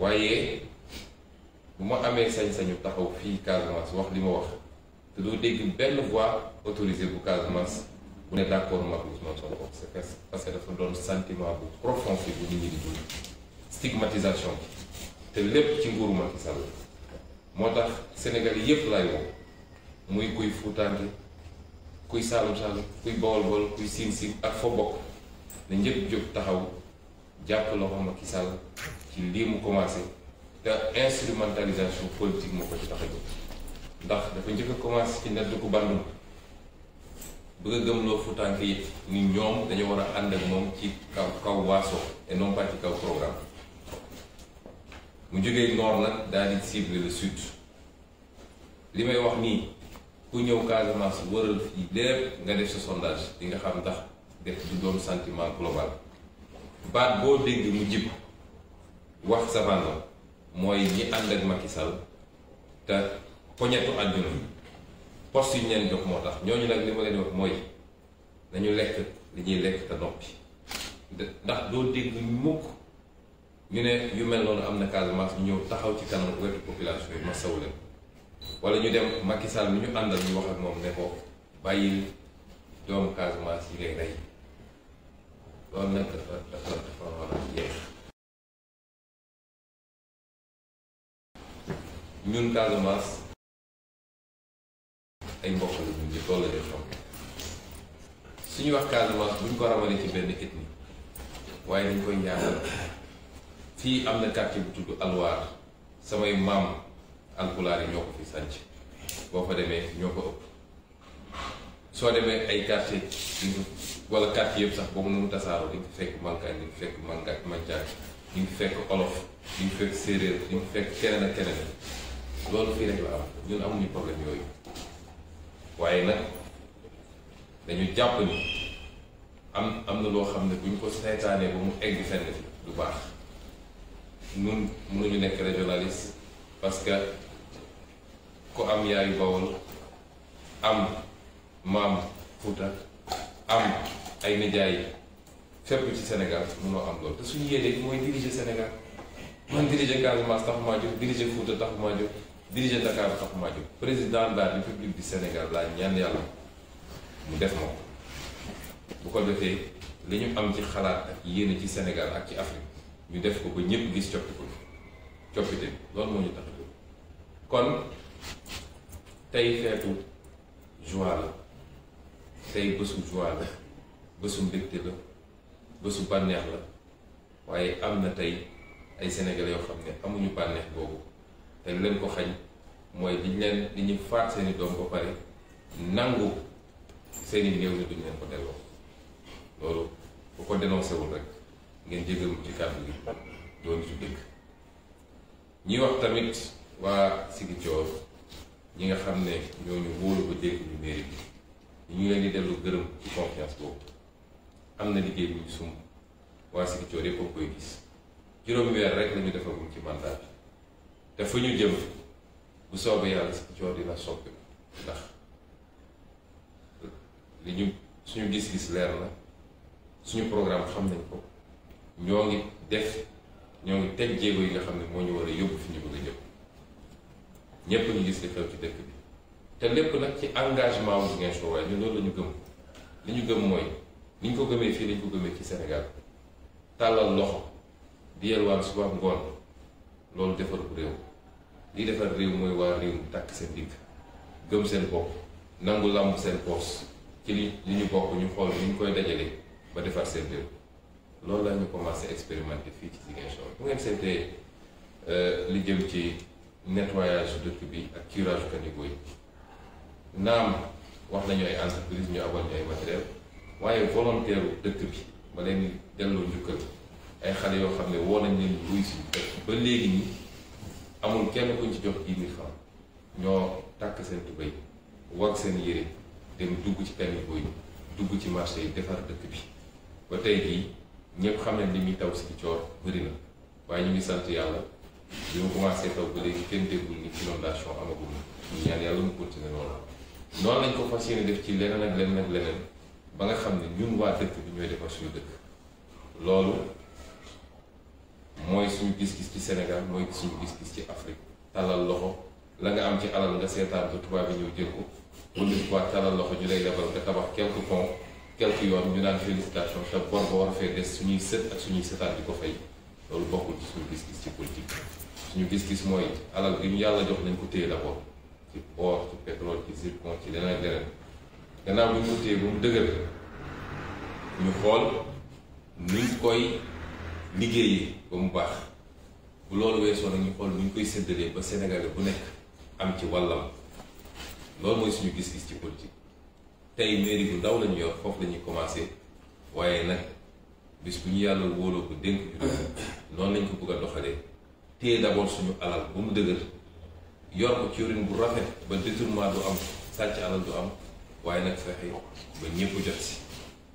waaye bu ma amee sañ-sañu taxaw fii Casamance wax li ma wax te doo dégg benn voix autorisée bu Casamance bu ne d' accord ma ak Ousmane Sonko parce que dafa doon sentiment bu profond fi bu nit ñi di dund stigmatisation te lépp ci nguuru Macky Sall moo tax Sénégal yëpp laay woo muy kuy fuutaante kuy saalum saalum kuy bawol bawol kuy siin siin ak fa bokk ne ñëpp jóg taxaw jàpp loxo Macky Sall ci lii mu commencé te instrumentalisation politique moo ko ci tax a ndax dafa njëkk a commencé ci ndeddu ko Bandung bëgg a gëmloo Futanke yi ni ñoom dañu war a ànd ak moom ci kaw kaw waaso et non ci kaw programme mu jógee nord nag daal di cible le sud li may wax nii ku ñëw Casamance wëral fii lépp nga def sa sondage di nga xam ndax def du doon sentiment global baat boo dégg mu jib wax savane la mooy ñi ànd ak Macky Sall te poñetu àdduna yi poste yu leen jox moo tax ñooñu nag li ma leen wax mooy nañu lekk li ñuy lekk te noppi ndax doo dégg mukk ñu ne yu mel noonu am na Casamance ñu ñëw taxaw ci kanam wetu population yi ma saw leen wala ñu dem Macky Sall mi ñu àndal ñu wax ak moom ne ko bàyyil doomu Casamance yi ngay rey loolu nag dafa dafa dafa war a jeex ñun Casamance ay mbokk la ñu ngi loolu la ñu xam suñu wax Casamance buñ ko ramalee ci benn ethnie waaye dañ koy ñaanal fii am na quartier bu tudd Alwaar samay maam alpulaar yi ñoo ko fi sànc boo fa demee ñoo ko soo demee ay quartier wala quartier yëpp sax boobu nu mu tasaaroo di nga fekk Mankaan di nga fekk Mangaan Manjaan di nga fekk Olof di nga fekk Séeréer di nga fekk keneen ak keneen. loolu fii rek la am ñun amuñu problème yooyu waaye nag dañu jàpp ni am am na loo xam ne bu ñu ko saytaanee ba mu egg fenn du baax mun ñun mënuñu nekk régionaliste parce que ku am yaayu Bawol am maam Fuuta am ay nijaay fépp ci Sénégal mënoo am loolu te suñu yéene mooy diriger Sénégal man diriger Casamance tax maa jóg diriger Fuuta tax maa jóg diriger Dakar bi taxumaa jóg président de la république du Sénégal laa ñaan yàlla mu def ma ko bu ko defee li ñu am ci xalaat ak yéene ci Sénégal ak ci Afrique ñu def ko ba ñëpp gis coppite coppite loolu moo ñu tax kon tey feetu joie la tey bésu joie la bésu mbégte la bésu bànneex la waaye am na tey ay sénégalais yoo xam ne amuñu bànneex boobu. te li leen ko xañ mooy diñ leen di ñu faat seeni i doom ba pare nangu seen néew ni duñ leen ko delloo loolu bu ko dénoncé rek ngeen jégal ci kàddu gi doon su dëkk ñi wax tamit waa Sigicoor ñi nga xam ne ñooñu wóolu ba dégg ñu mairie bi ñu ngi leen di dellu gërëm ci confiance boobu am na liggéey bu sumb waa Sigicoor yëpp a koy gis juróomi weer rek la ñu ci mandat te fu ñu jëm bu soobee yàlla si coow dina soppi ndax li ñu suñu gis-gis leer na suñu programme xam nañ ko ñoo ngi def ñoo ngi teg jéego yi nga xam ne moo ñu war a yóbbu fi ñu bëgg a ñépp ñu gis li xew ci dëkk bi te lépp nag ci engagement wu ngeen soo waaye ñun loolu la gëm li ñu gëm mooy ni ñu ko gëmee fii lañ ko gëmee ci Sénégal tàllal loxo di yelwaan suba ngoon loolu defar bu réew li defar réew mooy waa réew takk seen digg gëm seen bopp nangu làmb seen poos ci li li ñu bokk ñu xool ni ñu koy dajale ba defar seen réew loolu la ñu commencé expérimenter fii ci Ziguinchor mu ngeen seetee euh, li ci nettoyage dëkk bi ak curage caniveau yi naam wax nañu ay entreprise ñu abal ñu ay matériel waaye volontaire dëkk bi ba leen delloo njukkal ay xale yoo xam ne woo nañ luy si ba léegi nii amul kenn kuñ ci jox dix mille francs ñoo takk seen tubéy wag seen yére dem dugg ci caniveau yi dugg ci marché yi defar dëkk bi ba tey jii ñëpp xam nañ li muy taw si coor bëri na waaye ñu ngi sant yàlla bi mu commencé taw ba léegi kenn déggul ni inondation amagul ñu ñaan yàlla mu continuer loolu noonu lañ ko fas yéene def ci leneen ak leneen ak leneen ba nga xam ne ñun waa dëkk bi ñooy defar suñu dëkk loolu mooy suñu gis-gis ci Sénégal mooy suñu gis-gis ci Afrique talal loxo la nga am ci alal nga seetaan ko tubaab bi ñëw jël ko talal loxo ñu lay lebal nga tabax quelques ponts quelques yoon ñu naan félicitation te bor ba war a fee des suñuy sët ak suñuy sëtaat di ko fay loolu bokkul ci suñu gis-gis ci politique suñu gis-gis mooy alal gi ñu yàlla jox nañ ko téye d'abord ci or ci pétrole ci zircon ci leneen leneen gannaaw bi ñu ko téye ba mu dëgër liggéeyi ba mu baax bu loolu weesoo nag ñu xool nu ñu koy séddalee ba Sénégalais bu nekk am ci wàllam loolu mooy suñu gis-gis ci politique tey mairie bu ndaw lañu yor foofu la ñuy waaye nag bis bu ñu yàlla wóoloo ko dénk ju noonu lañ ko bëgg a doxalee téye d'abord suñu alal ba mu dëgër yor ko ci yorin bu rafet ba détournement du am sàcc alal du am waaye nag fexe ba ñëpp jot si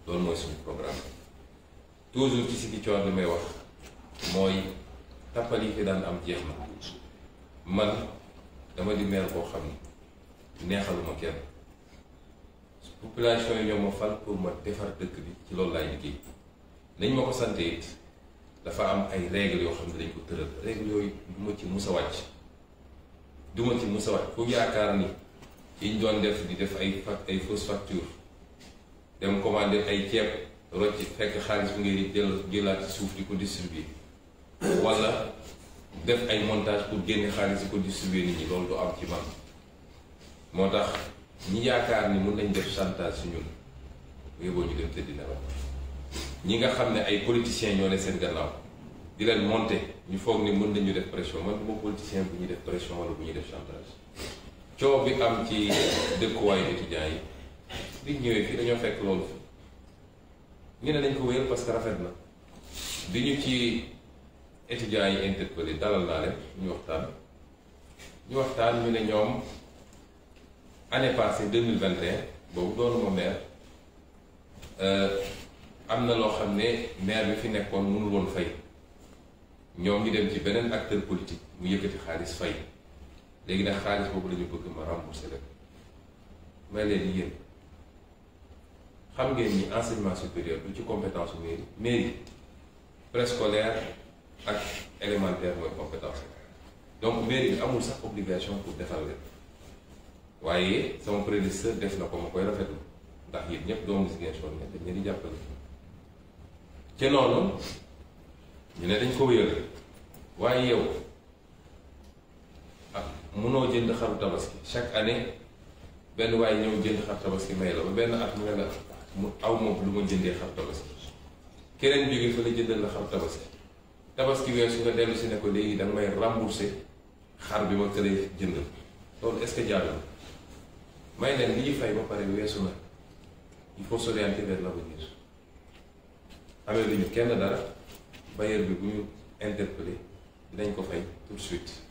loolu mooy suñu programme toujours ci si coon may wax mooy tappal yi fi daan am jeex na man dama di meer boo xam ne neexaluma kenn population yi ñoo ma fal pour ma defar dëkk bi ci loolu laay liggéey nañ ma ko sante it dafa am ay règles yoo xam ne dañ ko tëral règles yooyu du ci mus a wàcc du ma ci mus a wàcc yaakaar ni yiñ doon def di def ay ay fausse facture dem commandé ay ceeb rocci fekk xaalis bu ngeen jël jëlaat ci suuf di ko distribuer wala def ay montage pour génne xaalis di ko distribuer nit ñi loolu du am ci man moo tax ñi yaakaar ni mun nañ def chantage si ñun yóbboo ñu dem tëddi na la ñi nga xam ne ay politiciens ñoo ne seen gannaaw di leen monter ñu foog ni mën nañu def pression man du ma politicien bu ñuy def pression wala bu ñuy def chantage coow bi am ci dëkkuwaayu étudiants yi biñ ñëwee fii dañoo fekk loolu ñu ne nañ ko wéyal parce que rafet na bi ñu ci étudiants yi interpellé dalal naa leen ñu waxtaan ñu waxtaan ñu ne ñoom année passée deux mille vingt et boobu doonu ma maire euh, am na loo xam ne maire bi fi nekkoon mënul woon fay ñoom ñu dem ci beneen acteur politique mu yëkkati xaalis fay léegi nag xaalis boobu lañu ñu bëgg ma rembourser leen may leen yéen. xam ngeen ni enseignement supérieur du ci compétence su mairie mairie préscolaire ak élémentaire mooy compétence donc mairie bi amul sax obligation pour defal leen waaye sama prédécesseur def na ko ma koy rafetlu ndax yéen ñëpp doomu Ziguinchor ne dañ leen di jàppale ca noonu ñu ne dañ ko wéyal waaye yow ak ah, munoo jënd xaru tabaski chaque année benn waaye ñëw jënd xar tabaski may la ba benn at mu ne la mu aw moom lu ma jëndee xar tabaski keneen jógee fa la jëndal la xar tabaski tabaski weesu nga dellu si ne ko léegi danga may remboursé xar bi ma këlee jëndal loolu est-ce may leen li ñu fay ba pare weesu na il faut s'orienter vers l'avenir amee lu ñu kenn dara bailleur bi bu ñu interpellé dinañ ko fay tout de